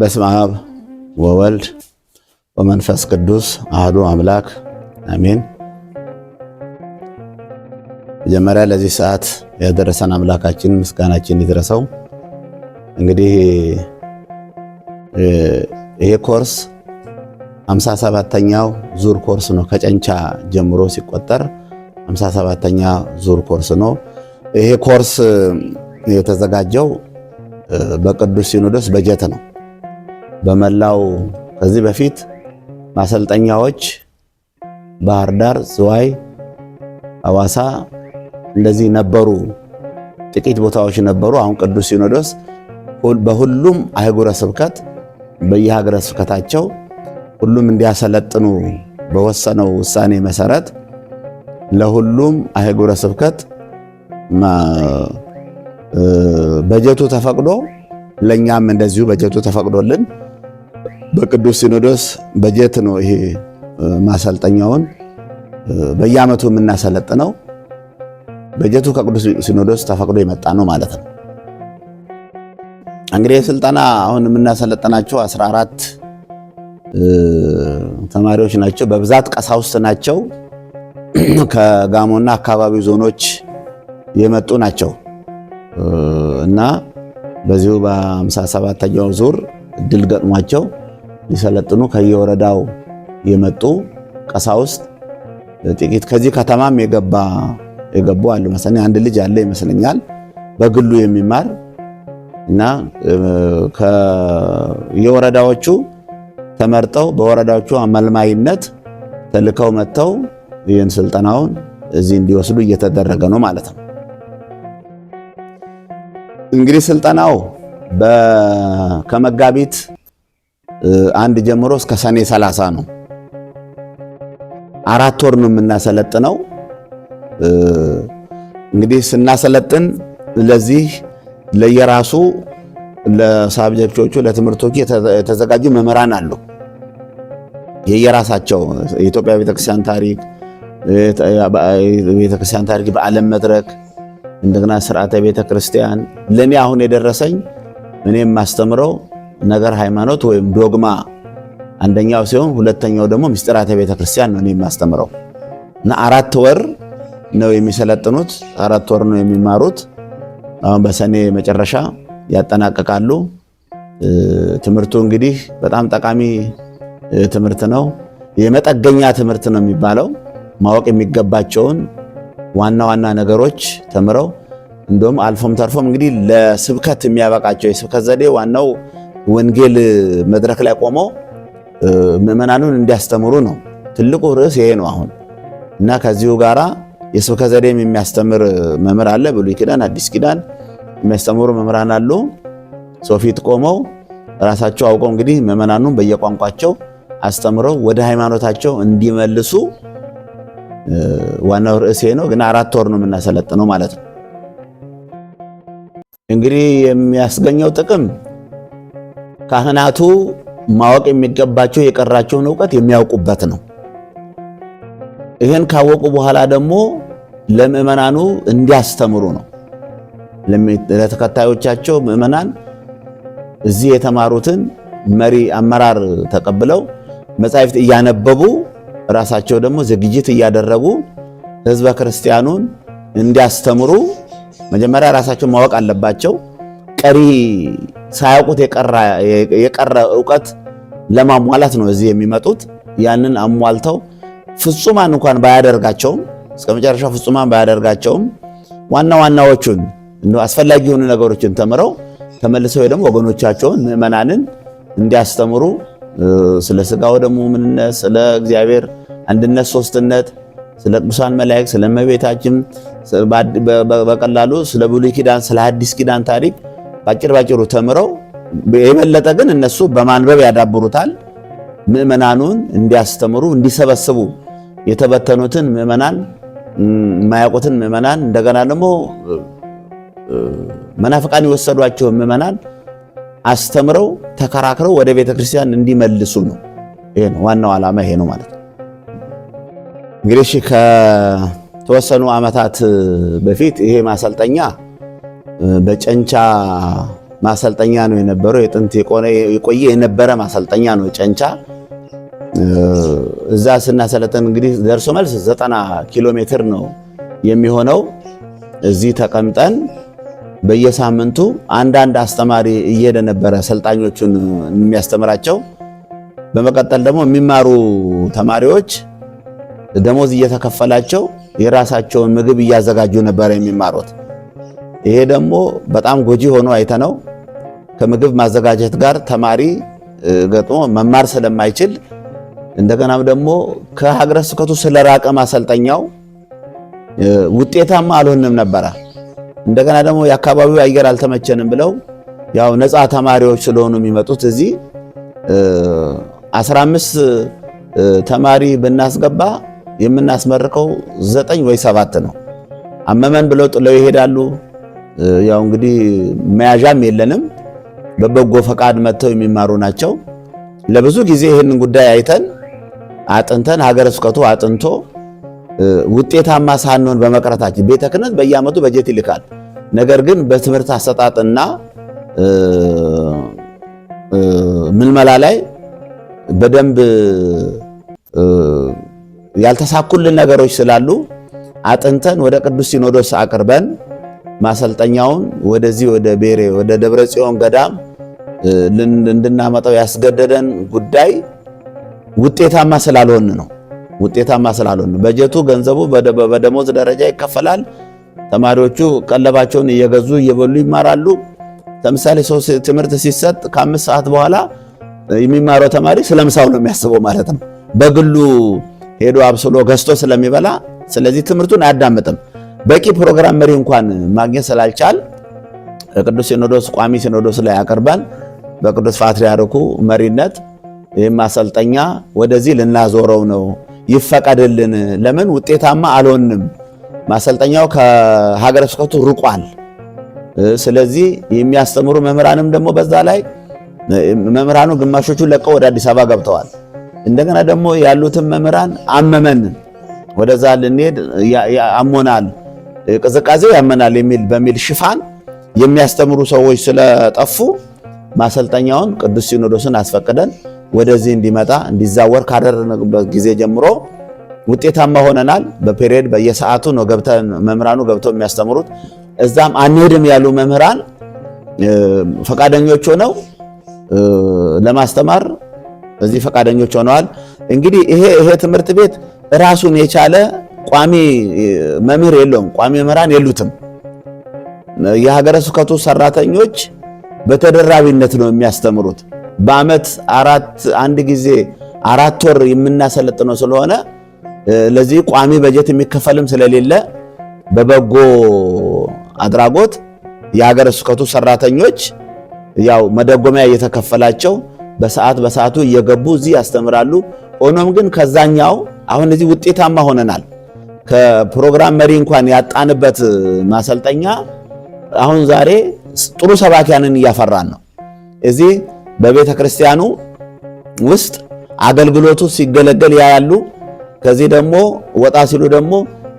በስመ አብ ወወልድ ወመንፈስ ቅዱስ አህዱ አምላክ አሜን። መጀመሪያ ለዚህ ሰዓት ያደረሰን አምላካችን ምስጋናችን ይድረሰው። እንግዲህ ይሄ ኮርስ ሃምሳ ሰባተኛው ዙር ኮርስ ነው። ከጨንቻ ጀምሮ ሲቆጠር ሃምሳ ሰባተኛ ዙር ኮርስ ነው። ይሄ ኮርስ የተዘጋጀው በቅዱስ ሲኖዶስ በጀት ነው። በመላው ከዚህ በፊት ማሰልጠኛዎች ባህር ዳር፣ ዝዋይ፣ ሐዋሳ እንደዚህ ነበሩ። ጥቂት ቦታዎች ነበሩ። አሁን ቅዱስ ሲኖዶስ በሁሉም አህጉረ ስብከት በየሀገረ ስብከታቸው ሁሉም እንዲያሰለጥኑ በወሰነው ውሳኔ መሰረት ለሁሉም አህጉረ ስብከት በጀቱ ተፈቅዶ ለእኛም እንደዚሁ በጀቱ ተፈቅዶልን በቅዱስ ሲኖዶስ በጀት ነው ይሄ ማሰልጠኛውን በየዓመቱ የምናሰለጥነው። በጀቱ ከቅዱስ ሲኖዶስ ተፈቅዶ የመጣ ነው ማለት ነው። እንግዲህ የስልጠና አሁን የምናሰለጠናቸው 14 ተማሪዎች ናቸው። በብዛት ቀሳውስት ናቸው። ከጋሞና አካባቢው ዞኖች የመጡ ናቸው እና በዚሁ በ57ኛው ዙር እድል ገጥሟቸው ሊሰለጥኑ ከየወረዳው የመጡ ቀሳውስት ጥቂት ከዚህ ከተማም የገባ የገቡ አሉ። መሰለኝ አንድ ልጅ አለ ይመስለኛል በግሉ የሚማር እና የወረዳዎቹ ተመርጠው በወረዳዎቹ አመልማይነት ተልከው መጥተው ይህን ስልጠናውን እዚህ እንዲወስዱ እየተደረገ ነው ማለት ነው። እንግዲህ ስልጠናው ከመጋቢት አንድ ጀምሮ እስከ ሰኔ 30 ነው። አራት ወር ነው የምናሰለጥነው። እንግዲህ ስናሰለጥን ለዚህ ለየራሱ ለሳብጀክቶቹ ለትምህርቶቹ የተዘጋጁ መምህራን አሉ። የየራሳቸው የኢትዮጵያ ቤተክርስቲያን ታሪክ ቤተክርስቲያን ታሪክ በዓለም መድረክ እንደገና ስርዓተ ቤተክርስቲያን ለእኔ አሁን የደረሰኝ እኔም ማስተምረው ነገር ሃይማኖት ወይም ዶግማ አንደኛው ሲሆን ሁለተኛው ደግሞ ምስጢራተ ቤተ ክርስቲያን ነው። እኔ የማስተምረው እና አራት ወር ነው የሚሰለጥኑት፣ አራት ወር ነው የሚማሩት። አሁን በሰኔ መጨረሻ ያጠናቀቃሉ። ትምህርቱ እንግዲህ በጣም ጠቃሚ ትምህርት ነው። የመጠገኛ ትምህርት ነው የሚባለው። ማወቅ የሚገባቸውን ዋና ዋና ነገሮች ተምረው እንዲሁም አልፎም ተርፎም እንግዲህ ለስብከት የሚያበቃቸው የስብከት ዘዴ ዋናው ወንጌል መድረክ ላይ ቆመው ምዕመናኑን እንዲያስተምሩ ነው። ትልቁ ርዕስ ይሄ ነው አሁን እና ከዚሁ ጋራ የስብከተ ዘዴም የሚያስተምር መምህር አለ። ብሉይ ኪዳን፣ አዲስ ኪዳን የሚያስተምሩ መምህራን አሉ። ሰው ፊት ቆመው ራሳቸው አውቀው እንግዲህ ምዕመናኑን በየቋንቋቸው አስተምረው ወደ ሃይማኖታቸው እንዲመልሱ ዋናው ርዕስ ነው። ግን አራት ወር ነው የምናሰለጥነው ማለት ነው። እንግዲህ የሚያስገኘው ጥቅም ካህናቱ ማወቅ የሚገባቸው የቀራቸውን እውቀት የሚያውቁበት ነው። ይህን ካወቁ በኋላ ደግሞ ለምእመናኑ እንዲያስተምሩ ነው። ለተከታዮቻቸው ምእመናን እዚህ የተማሩትን መሪ አመራር ተቀብለው መጻሕፍት እያነበቡ ራሳቸው ደግሞ ዝግጅት እያደረጉ ህዝበ ክርስቲያኑን እንዲያስተምሩ መጀመሪያ ራሳቸው ማወቅ አለባቸው ቀሪ ሳያውቁት የቀረ እውቀት ለማሟላት ነው እዚህ የሚመጡት። ያንን አሟልተው ፍጹማን እንኳን ባያደርጋቸውም እስከ መጨረሻ ፍጹማን ባያደርጋቸውም ዋና ዋናዎቹን አስፈላጊ የሆኑ ነገሮችን ተምረው ተመልሰው ደግሞ ወገኖቻቸውን ምዕመናንን እንዲያስተምሩ ስለ ስጋው ደግሞ ምንነት፣ ስለ እግዚአብሔር አንድነት ሶስትነት፣ ስለ ቅዱሳን መላእክት፣ ስለ እመቤታችን በቀላሉ ስለ ብሉይ ኪዳን ስለ አዲስ ኪዳን ታሪክ ባጭር ባጭሩ ተምረው የበለጠ ግን እነሱ በማንበብ ያዳብሩታል። ምዕመናኑን እንዲያስተምሩ እንዲሰበስቡ የተበተኑትን ምዕመናን የማያውቁትን ምዕመናን እንደገና ደግሞ መናፍቃን የወሰዷቸው ምዕመናን አስተምረው ተከራክረው ወደ ቤተ ክርስቲያን እንዲመልሱ ነው። ይሄ ነው ዋናው ዓላማ፣ ይሄ ነው ማለት ነው። እንግዲህ ከተወሰኑ ዓመታት በፊት ይሄ ማሰልጠኛ በጨንቻ ማሰልጠኛ ነው የነበረው። የጥንት የቆየ የነበረ ማሰልጠኛ ነው ጨንቻ። እዛ ስናሰለጥን እንግዲህ ደርሶ መልስ 90 ኪሎ ሜትር ነው የሚሆነው። እዚህ ተቀምጠን በየሳምንቱ አንዳንድ አስተማሪ እየሄደ ነበረ ሰልጣኞቹን የሚያስተምራቸው። በመቀጠል ደግሞ የሚማሩ ተማሪዎች ደሞዝ እየተከፈላቸው የራሳቸውን ምግብ እያዘጋጁ ነበረ የሚማሩት። ይሄ ደግሞ በጣም ጎጂ ሆኖ አይተነው ከምግብ ማዘጋጀት ጋር ተማሪ ገጥሞ መማር ስለማይችል እንደገናም ደግሞ ከሀገረ ስብከቱ ስለራቀ ማሰልጠኛው ውጤታማ አልሆንም ነበረ። እንደገና ደግሞ የአካባቢው አየር አልተመቸንም ብለው ያው ነፃ ተማሪዎች ስለሆኑ የሚመጡት እዚህ 15 ተማሪ ብናስገባ የምናስመርቀው ዘጠኝ ወይ ሰባት ነው። አመመን ብለው ጥለው ይሄዳሉ። ያው እንግዲህ መያዣም የለንም። በበጎ ፈቃድ መጥተው የሚማሩ ናቸው። ለብዙ ጊዜ ይህንን ጉዳይ አይተን አጥንተን ሀገረ ስብከቱ አጥንቶ ውጤታማ ሳንሆን በመቅረታችን ቤተ ክህነት በየዓመቱ በጀት ይልካል። ነገር ግን በትምህርት አሰጣጥና ምልመላ ላይ በደንብ ያልተሳኩልን ነገሮች ስላሉ አጥንተን ወደ ቅዱስ ሲኖዶስ አቅርበን ማሰልጠኛውን ወደዚህ ወደ ቤሬ ወደ ደብረ ጽዮን ገዳም እንድናመጣው ያስገደደን ጉዳይ ውጤታማ ስላልሆን ነው። ውጤታማ ስላልሆን በጀቱ ገንዘቡ በደሞዝ ደረጃ ይከፈላል። ተማሪዎቹ ቀለባቸውን እየገዙ እየበሉ ይማራሉ። ለምሳሌ ሰው ትምህርት ሲሰጥ ከአምስት ሰዓት በኋላ የሚማረው ተማሪ ስለ ምሳው ነው የሚያስበው ማለት ነው። በግሉ ሄዶ አብስሎ ገዝቶ ስለሚበላ ስለዚህ ትምህርቱን አያዳምጥም። በቂ ፕሮግራም መሪ እንኳን ማግኘት ስላልቻል ቅዱስ ሲኖዶስ ቋሚ ሲኖዶስ ላይ አቅርበን በቅዱስ ፓትርያርኩ መሪነት ይህም ማሰልጠኛ ወደዚህ ልናዞረው ነው፣ ይፈቀድልን። ለምን ውጤታማ አልሆንም? ማሰልጠኛው ከሀገረ ስብከቱ ርቋል። ስለዚህ የሚያስተምሩ መምህራንም ደግሞ በዛ ላይ መምህራኑ ግማሾቹ ለቀው ወደ አዲስ አበባ ገብተዋል። እንደገና ደግሞ ያሉትን መምህራን አመመን፣ ወደዛ ልንሄድ አሞናል ቅዝቃዜው ያመናል የሚል በሚል ሽፋን የሚያስተምሩ ሰዎች ስለጠፉ ማሰልጠኛውን ቅዱስ ሲኖዶስን አስፈቅደን ወደዚህ እንዲመጣ እንዲዛወር ካደረግንበት ጊዜ ጀምሮ ውጤታማ ሆነናል። በፔሪየድ በየሰዓቱ ነው ገብተን መምህራኑ ገብተው የሚያስተምሩት። እዛም አንሄድም ያሉ መምህራን ፈቃደኞች ሆነው ለማስተማር እዚህ ፈቃደኞች ሆነዋል። እንግዲህ ይሄ ይሄ ትምህርት ቤት ራሱን የቻለ ቋሚ መምህር የለውም፣ ቋሚ መምህራን የሉትም። የሀገረ ስብከቱ ሰራተኞች በተደራቢነት ነው የሚያስተምሩት። በአመት አራት አንድ ጊዜ አራት ወር የምናሰለጥነው ስለሆነ ለዚህ ቋሚ በጀት የሚከፈልም ስለሌለ በበጎ አድራጎት የሀገረ ስብከቱ ሰራተኞች ያው መደጎሚያ እየተከፈላቸው በሰዓት በሰዓቱ እየገቡ እዚህ ያስተምራሉ። ሆኖም ግን ከዛኛው አሁን እዚህ ውጤታማ ሆነናል። ከፕሮግራም መሪ እንኳን ያጣንበት ማሰልጠኛ አሁን ዛሬ ጥሩ ሰባኪያንን እያፈራን ነው። እዚህ በቤተ ክርስቲያኑ ውስጥ አገልግሎቱ ሲገለገል ያያሉ። ከዚህ ደግሞ ወጣ ሲሉ ደግሞ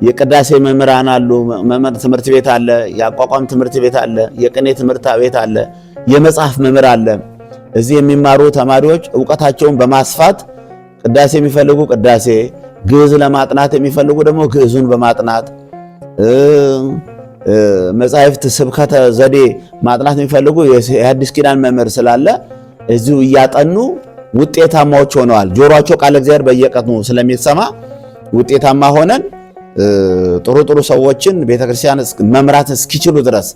የቅዳሴ መምህራን አሉ። መምህር ትምህርት ቤት አለ፣ የአቋቋም ትምህርት ቤት አለ፣ የቅኔ ትምህርት ቤት አለ፣ የመጽሐፍ መምህር አለ። እዚህ የሚማሩ ተማሪዎች እውቀታቸውን በማስፋት ቅዳሴ የሚፈልጉ ቅዳሴ ግዕዝ ለማጥናት የሚፈልጉ ደግሞ ግዕዙን በማጥናት መጻሕፍት ስብከተ ዘዴ ማጥናት የሚፈልጉ የአዲስ ኪዳን መምህር ስላለ እዚሁ እያጠኑ ውጤታማዎች ሆነዋል። ጆሮአቸው ቃለ እግዚአብሔር በየቀኑ ስለሚሰማ ውጤታማ ሆነን ጥሩ ጥሩ ሰዎችን ቤተክርስቲያን መምራት እስኪችሉ ድረስ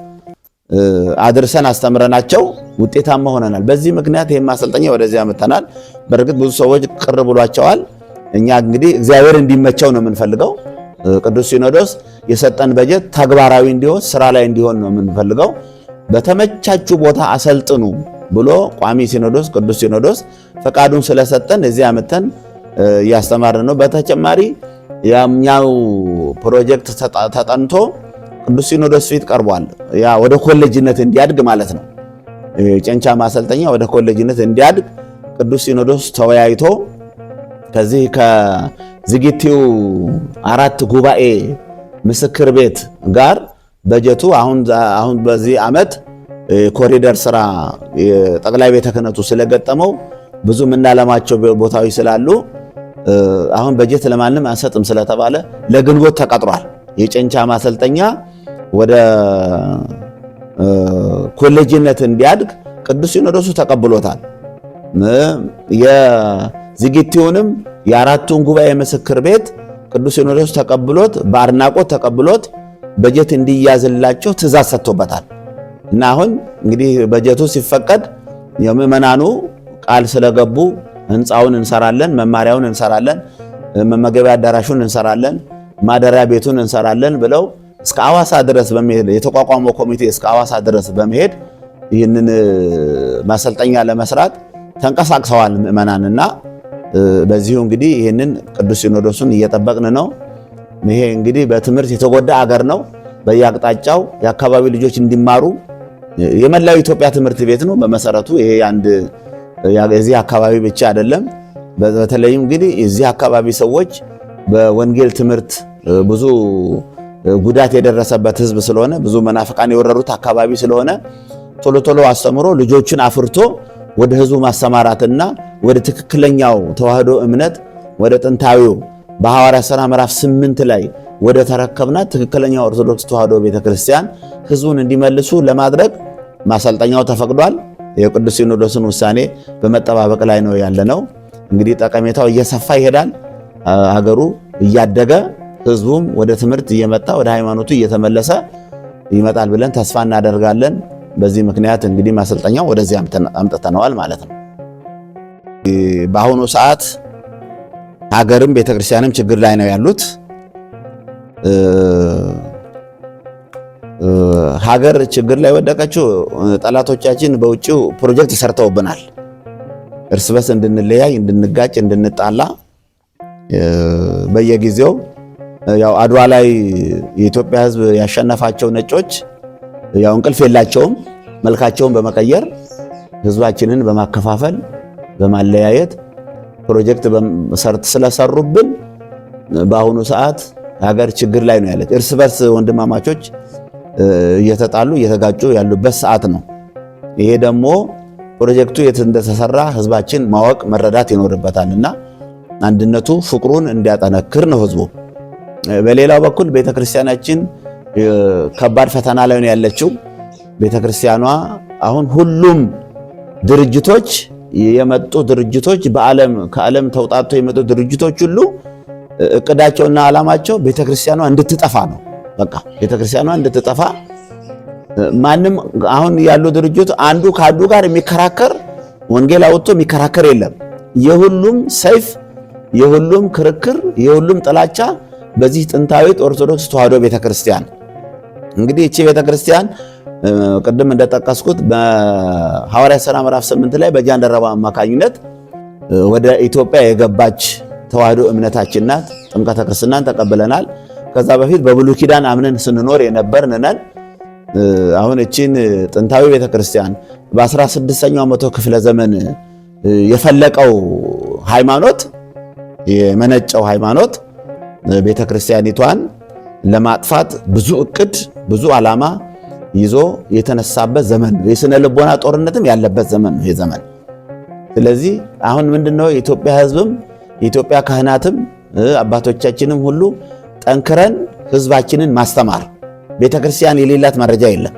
አድርሰን አስተምረናቸው ውጤታማ ሆነናል። በዚህ ምክንያት ይህም ማሰልጠኛ ወደዚህ አምጥተናል። በእርግጥ ብዙ ሰዎች ቅር ብሏቸዋል። እኛ እንግዲህ እግዚአብሔር እንዲመቸው ነው የምንፈልገው። ቅዱስ ሲኖዶስ የሰጠን በጀት ተግባራዊ እንዲሆን ስራ ላይ እንዲሆን ነው የምንፈልገው። በተመቻቹ ቦታ አሰልጥኑ ብሎ ቋሚ ሲኖዶስ ቅዱስ ሲኖዶስ ፈቃዱን ስለሰጠን እዚህ አመተን እያስተማርን ነው። በተጨማሪ ያኛው ፕሮጀክት ተጠንቶ ቅዱስ ሲኖዶስ ፊት ቀርቧል። ያ ወደ ኮሌጅነት እንዲያድግ ማለት ነው። ጨንቻ ማሰልጠኛ ወደ ኮሌጅነት እንዲያድግ ቅዱስ ሲኖዶስ ተወያይቶ ከዚህ ከዝግቲው አራት ጉባኤ ምስክር ቤት ጋር በጀቱ አሁን በዚህ ዓመት ኮሪደር ስራ ጠቅላይ ቤተ ክህነቱ ስለገጠመው ብዙ የምናለማቸው ቦታዎች ስላሉ አሁን በጀት ለማንም አንሰጥም ስለተባለ ለግንቦት ተቀጥሯል። የጨንቻ ማሰልጠኛ ወደ ኮሌጅነት እንዲያድግ ቅዱስ ሲኖዶሱ ተቀብሎታል። የዝግቲውንም የአራቱን ጉባኤ ምስክር ቤት ቅዱስ ሲኖዶስ ተቀብሎት በአድናቆት ተቀብሎት በጀት እንዲያዝላቸው ትእዛዝ ሰጥቶበታል እና አሁን እንግዲህ በጀቱ ሲፈቀድ የምእመናኑ ቃል ስለገቡ ህንፃውን እንሰራለን፣ መማሪያውን እንሰራለን፣ መመገቢያ አዳራሹን እንሰራለን፣ ማደሪያ ቤቱን እንሰራለን ብለው እስከ አዋሳ ድረስ በመሄድ የተቋቋመው ኮሚቴ እስከ አዋሳ ድረስ በመሄድ ይህንን ማሰልጠኛ ለመስራት ተንቀሳቅሰዋል ምእመናንና በዚሁ እንግዲህ ይህንን ቅዱስ ሲኖዶሱን እየጠበቅን ነው። ይሄ እንግዲህ በትምህርት የተጎዳ አገር ነው። በየአቅጣጫው የአካባቢ ልጆች እንዲማሩ የመላው ኢትዮጵያ ትምህርት ቤት ነው በመሰረቱ ይሄ አንድ የዚህ አካባቢ ብቻ አይደለም። በተለይም እንግዲህ የዚህ አካባቢ ሰዎች በወንጌል ትምህርት ብዙ ጉዳት የደረሰበት ሕዝብ ስለሆነ ብዙ መናፍቃን የወረሩት አካባቢ ስለሆነ ቶሎ ቶሎ አስተምሮ ልጆችን አፍርቶ ወደ ህዝቡ ማሰማራትና ወደ ትክክለኛው ተዋህዶ እምነት ወደ ጥንታዊው በሐዋርያ ሥራ ምዕራፍ ስምንት ላይ ወደ ተረከብና ትክክለኛው ኦርቶዶክስ ተዋህዶ ቤተክርስቲያን ህዝቡን እንዲመልሱ ለማድረግ ማሰልጠኛው ተፈቅዷል። የቅዱስ ሲኖዶስን ውሳኔ በመጠባበቅ ላይ ነው ያለነው። እንግዲህ ጠቀሜታው እየሰፋ ይሄዳል። ሀገሩ እያደገ ህዝቡም ወደ ትምህርት እየመጣ ወደ ሃይማኖቱ እየተመለሰ ይመጣል ብለን ተስፋ እናደርጋለን። በዚህ ምክንያት እንግዲህ ማሰልጠኛው ወደዚህ አምጥተነዋል ማለት ነው። በአሁኑ ሰዓት ሀገርም ቤተክርስቲያንም ችግር ላይ ነው ያሉት። ሀገር ችግር ላይ ወደቀችው ጠላቶቻችን በውጭው ፕሮጀክት ሰርተውብናል። እርስ በርስ እንድንለያይ፣ እንድንጋጭ፣ እንድንጣላ በየጊዜው ያው አድዋ ላይ የኢትዮጵያ ሕዝብ ያሸነፋቸው ነጮች ያው እንቅልፍ የላቸውም። መልካቸውን በመቀየር ህዝባችንን በማከፋፈል በማለያየት ፕሮጀክት ስለሰሩብን በአሁኑ ሰዓት ሀገር ችግር ላይ ነው ያለች። እርስ በርስ ወንድማማቾች እየተጣሉ እየተጋጩ ያሉበት ሰዓት ነው። ይሄ ደግሞ ፕሮጀክቱ የት እንደተሰራ ህዝባችን ማወቅ መረዳት ይኖርበታል እና አንድነቱ ፍቅሩን እንዲያጠነክር ነው ህዝቡ። በሌላው በኩል ቤተክርስቲያናችን ከባድ ፈተና ላይ ነው ያለችው ቤተክርስቲያኗ አሁን ሁሉም ድርጅቶች የመጡ ድርጅቶች በዓለም ከዓለም ተውጣቶ የመጡ ድርጅቶች ሁሉ እቅዳቸውና ዓላማቸው ቤተክርስቲያኗ እንድትጠፋ ነው። በቃ ቤተክርስቲያኗ እንድትጠፋ ማንም አሁን ያሉ ድርጅት አንዱ ከአንዱ ጋር የሚከራከር ወንጌል አውጥቶ የሚከራከር የለም። የሁሉም ሰይፍ፣ የሁሉም ክርክር፣ የሁሉም ጥላቻ በዚህ ጥንታዊት ኦርቶዶክስ ተዋሕዶ ቤተክርስቲያን እንግዲህ እቺ ቤተ ክርስቲያን ቅድም እንደጠቀስኩት በሐዋርያ ሥራ ምዕራፍ 8 ላይ በጃንደረባ አማካኝነት ወደ ኢትዮጵያ የገባች ተዋህዶ እምነታችን ናት። ጥምቀተ ክርስትናን ተቀብለናል። ከዛ በፊት በብሉይ ኪዳን አምነን ስንኖር የነበርን ነን። አሁን እቺን ጥንታዊ ቤተ ክርስቲያን በ16ኛው መቶ ክፍለ ዘመን የፈለቀው ሃይማኖት የመነጨው ሃይማኖት ቤተ ክርስቲያኒቷን ለማጥፋት ብዙ እቅድ ብዙ ዓላማ ይዞ የተነሳበት ዘመን ነው። የስነ ልቦና ጦርነትም ያለበት ዘመን ነው ይሄ ዘመን። ስለዚህ አሁን ምንድነው የኢትዮጵያ ህዝብም የኢትዮጵያ ካህናትም አባቶቻችንም ሁሉ ጠንክረን ህዝባችንን ማስተማር። ቤተክርስቲያን የሌላት መረጃ የለም።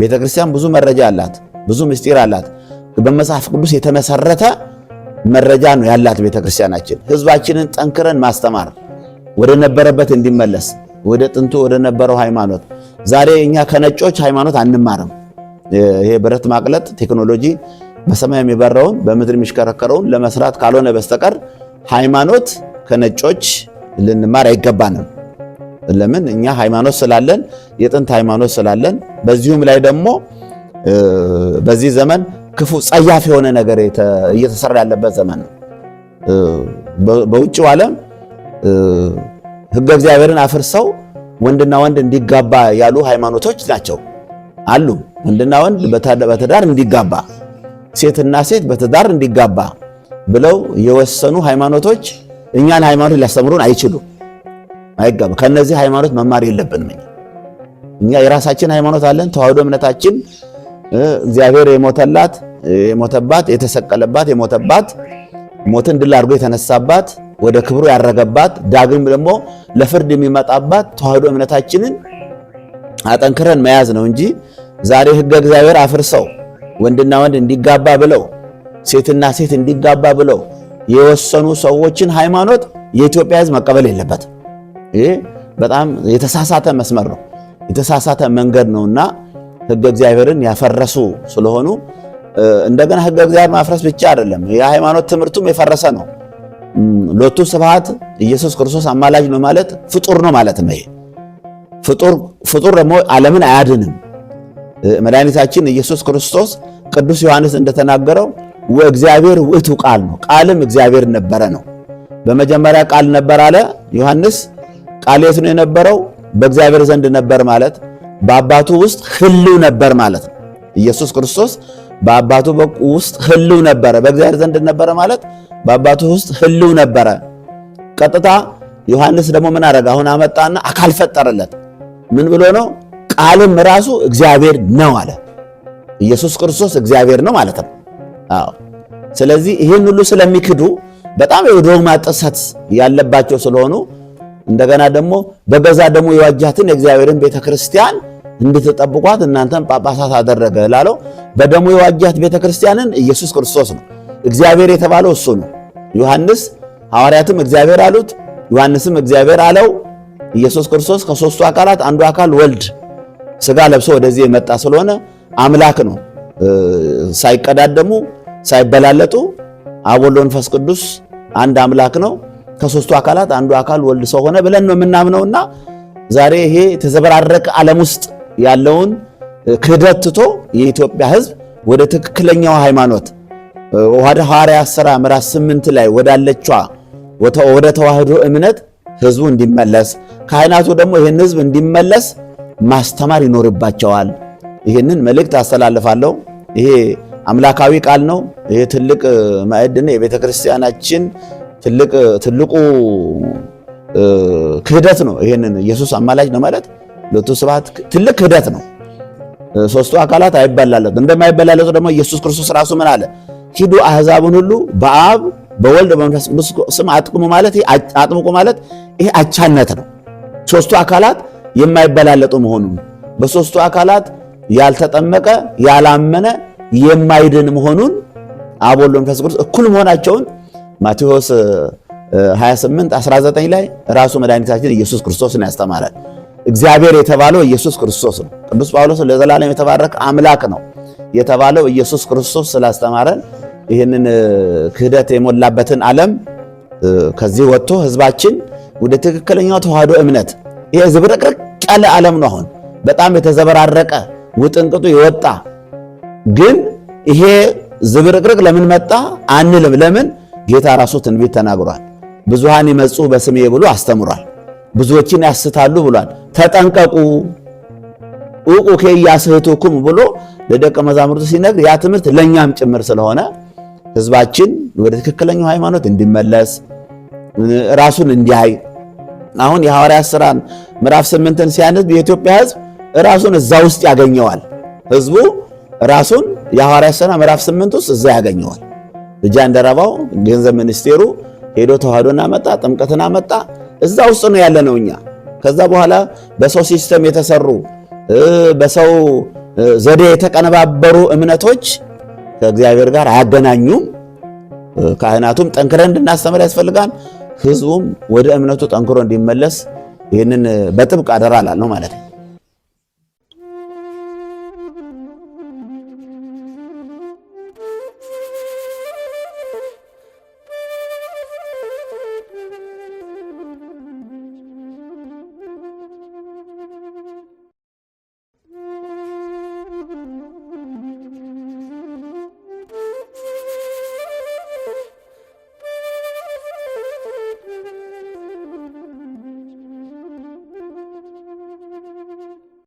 ቤተክርስቲያን ብዙ መረጃ አላት፣ ብዙ ምስጢር አላት። በመጽሐፍ ቅዱስ የተመሰረተ መረጃ ነው ያላት ቤተክርስቲያናችን። ህዝባችንን ጠንክረን ማስተማር ወደ ነበረበት እንዲመለስ ወደ ጥንቱ ወደ ነበረው ሃይማኖት ዛሬ እኛ ከነጮች ሃይማኖት አንማርም። ይሄ ብረት ማቅለጥ ቴክኖሎጂ በሰማይ የሚበረውን በምድር የሚሽከረከረውን ለመስራት ካልሆነ በስተቀር ሃይማኖት ከነጮች ልንማር አይገባንም። ለምን? እኛ ሃይማኖት ስላለን፣ የጥንት ሃይማኖት ስላለን፣ በዚሁም ላይ ደግሞ በዚህ ዘመን ክፉ ጸያፍ የሆነ ነገር እየተሰራ ያለበት ዘመን ነው። በውጭው ዓለም ሕገ እግዚአብሔርን አፍርሰው ወንድና ወንድ እንዲጋባ ያሉ ሃይማኖቶች ናቸው አሉ። ወንድና ወንድ በትዳር እንዲጋባ፣ ሴትና ሴት በትዳር እንዲጋባ ብለው የወሰኑ ሃይማኖቶች እኛን ሃይማኖት ሊያስተምሩን አይችሉም። አይጋባ ከነዚህ ሃይማኖት መማር የለብንም። እኛ የራሳችን ሃይማኖት አለን። ተዋህዶ እምነታችን እግዚአብሔር የሞተላት የሞተባት የተሰቀለባት የሞተባት ሞትን ድል አድርጎ የተነሳባት ወደ ክብሩ ያረገባት ዳግም ደግሞ ለፍርድ የሚመጣባት ተዋህዶ እምነታችንን አጠንክረን መያዝ ነው እንጂ ዛሬ ሕገ እግዚአብሔር አፍርሰው ወንድና ወንድ እንዲጋባ ብለው ሴትና ሴት እንዲጋባ ብለው የወሰኑ ሰዎችን ሃይማኖት የኢትዮጵያ ሕዝብ መቀበል የለበትም። ይህ በጣም የተሳሳተ መስመር ነው፣ የተሳሳተ መንገድ ነውና ሕገ እግዚአብሔርን ያፈረሱ ስለሆኑ እንደገና ሕገ እግዚአብሔር ማፍረስ ብቻ አይደለም፣ የሃይማኖት ትምህርቱም የፈረሰ ነው። ሎቱ ስብሐት ኢየሱስ ክርስቶስ አማላጅ ነው ማለት ፍጡር ነው ማለት ነው። ይሄ ፍጡር ደግሞ ዓለምን አያድንም። መድኃኒታችን ኢየሱስ ክርስቶስ ቅዱስ ዮሐንስ እንደተናገረው ወእግዚአብሔር ውእቱ ቃል ነው፣ ቃልም እግዚአብሔር ነበረ ነው። በመጀመሪያ ቃል ነበር አለ ዮሐንስ። ቃል የት ነው የነበረው? በእግዚአብሔር ዘንድ ነበር ማለት በአባቱ ውስጥ ህልው ነበር ማለት ነው። ኢየሱስ ክርስቶስ በአባቱ ውስጥ ህልው ነበረ። በእግዚአብሔር ዘንድ ነበረ ማለት በአባቱ ውስጥ ህልው ነበረ። ቀጥታ ዮሐንስ ደግሞ ምን አደረገ? አሁን አመጣና አካል ፈጠረለት። ምን ብሎ ነው? ቃልም ራሱ እግዚአብሔር ነው አለ። ኢየሱስ ክርስቶስ እግዚአብሔር ነው ማለት ነው። አዎ። ስለዚህ ይህን ሁሉ ስለሚክዱ በጣም የዶግማ ጥሰት ያለባቸው ስለሆኑ እንደገና ደግሞ በገዛ ደግሞ የዋጃትን የእግዚአብሔርን ቤተክርስቲያን እንድትጠብቋት እናንተን ጳጳሳት አደረገ ላለው በደሙ የዋጃት ቤተ ክርስቲያንን ኢየሱስ ክርስቶስ ነው። እግዚአብሔር የተባለው እሱ ነው። ዮሐንስ ሐዋርያትም እግዚአብሔር አሉት፣ ዮሐንስም እግዚአብሔር አለው። ኢየሱስ ክርስቶስ ከሦስቱ አካላት አንዱ አካል ወልድ ሥጋ ለብሶ ወደዚህ የመጣ ስለሆነ አምላክ ነው። ሳይቀዳደሙ ሳይበላለጡ አብ ወልድ ቅዱስ አንድ አምላክ ነው። ከሦስቱ አካላት አንዱ አካል ወልድ ሰው ሆነ ብለን ነው የምናምነውና ዛሬ ይሄ የተዘበራረቀ ዓለም ውስጥ ያለውን ክህደት ትቶ የኢትዮጵያ ህዝብ ወደ ትክክለኛው ሃይማኖት ወደ ሐዋርያ ሥራ ምዕራፍ ስምንት ላይ ወዳለቿ ወደ ተዋህዶ እምነት ህዝቡ እንዲመለስ ካህናቱ ደግሞ ይህን ህዝብ እንዲመለስ ማስተማር ይኖርባቸዋል። ይህንን መልእክት አስተላልፋለሁ። ይሄ አምላካዊ ቃል ነው። ይሄ ትልቅ ማዕድ ነው። የቤተ ክርስቲያናችን ትልቁ ክህደት ነው። ይህንን ኢየሱስ አማላጅ ነው ማለት ሎቱ ስብሐት ትልቅ ክህደት ነው። ሶስቱ አካላት አይበላለጡ። እንደማይበላለጡ ደግሞ ኢየሱስ ክርስቶስ ራሱ ምን አለ? ሂዱ አህዛብን ሁሉ በአብ በወልድ በመንፈስ ቅዱስ ስም አጥምቁ ማለት አጥምቁ ማለት ይሄ አቻነት ነው። ሶስቱ አካላት የማይበላለጡ መሆኑ በሶስቱ አካላት ያልተጠመቀ ያላመነ የማይድን መሆኑን አብ ወልድ መንፈስ ቅዱስ እኩል መሆናቸውን ማቴዎስ 28 19 ላይ ራሱ መድኃኒታችን ኢየሱስ ክርስቶስ ነው ያስተማራል። እግዚአብሔር የተባለው ኢየሱስ ክርስቶስ ነው። ቅዱስ ጳውሎስ ለዘላለም የተባረከ አምላክ ነው የተባለው ኢየሱስ ክርስቶስ ስላስተማረን ይህንን ክህደት የሞላበትን ዓለም ከዚህ ወጥቶ ህዝባችን ወደ ትክክለኛው ተዋህዶ እምነት ይሄ ዝብርቅርቅ ያለ ዓለም ነው። አሁን በጣም የተዘበራረቀ ውጥንቅጡ የወጣ ግን ይሄ ዝብርቅርቅ ለምን መጣ አንልም። ለምን ጌታ ራሱ ትንቢት ተናግሯል። ብዙሃን ይመጹ በስሜ ብሎ አስተምሯል። ብዙዎችን ያስታሉ ብሏል። ተጠንቀቁ ኡቁ ከያስህቱኩም ብሎ ለደቀ መዛሙርቱ ሲነግር ያ ትምህርት ለእኛም ጭምር ስለሆነ ህዝባችን ወደ ትክክለኛው ሃይማኖት እንዲመለስ ራሱን እንዲያይ አሁን የሐዋርያት ሥራ ምዕራፍ ስምንትን ሲያነብ የኢትዮጵያ ህዝብ ራሱን እዛ ውስጥ ያገኘዋል። ህዝቡ ራሱን የሐዋርያት ሥራ ምዕራፍ ስምንት ውስጥ እዛ ያገኘዋል። ልጃ እንደረባው ገንዘብ ሚኒስቴሩ ሄዶ ተዋህዶን አመጣ፣ ጥምቀትን አመጣ። እዛ ውስጥ ነው ያለ ነው እኛ። ከዛ በኋላ በሰው ሲስተም የተሰሩ በሰው ዘዴ የተቀነባበሩ እምነቶች ከእግዚአብሔር ጋር አያገናኙም። ካህናቱም ጠንክረን እንድናስተምር ያስፈልጋል። ህዝቡም ወደ እምነቱ ጠንክሮ እንዲመለስ ይህንን በጥብቅ አደራ ላለው ማለት ነው።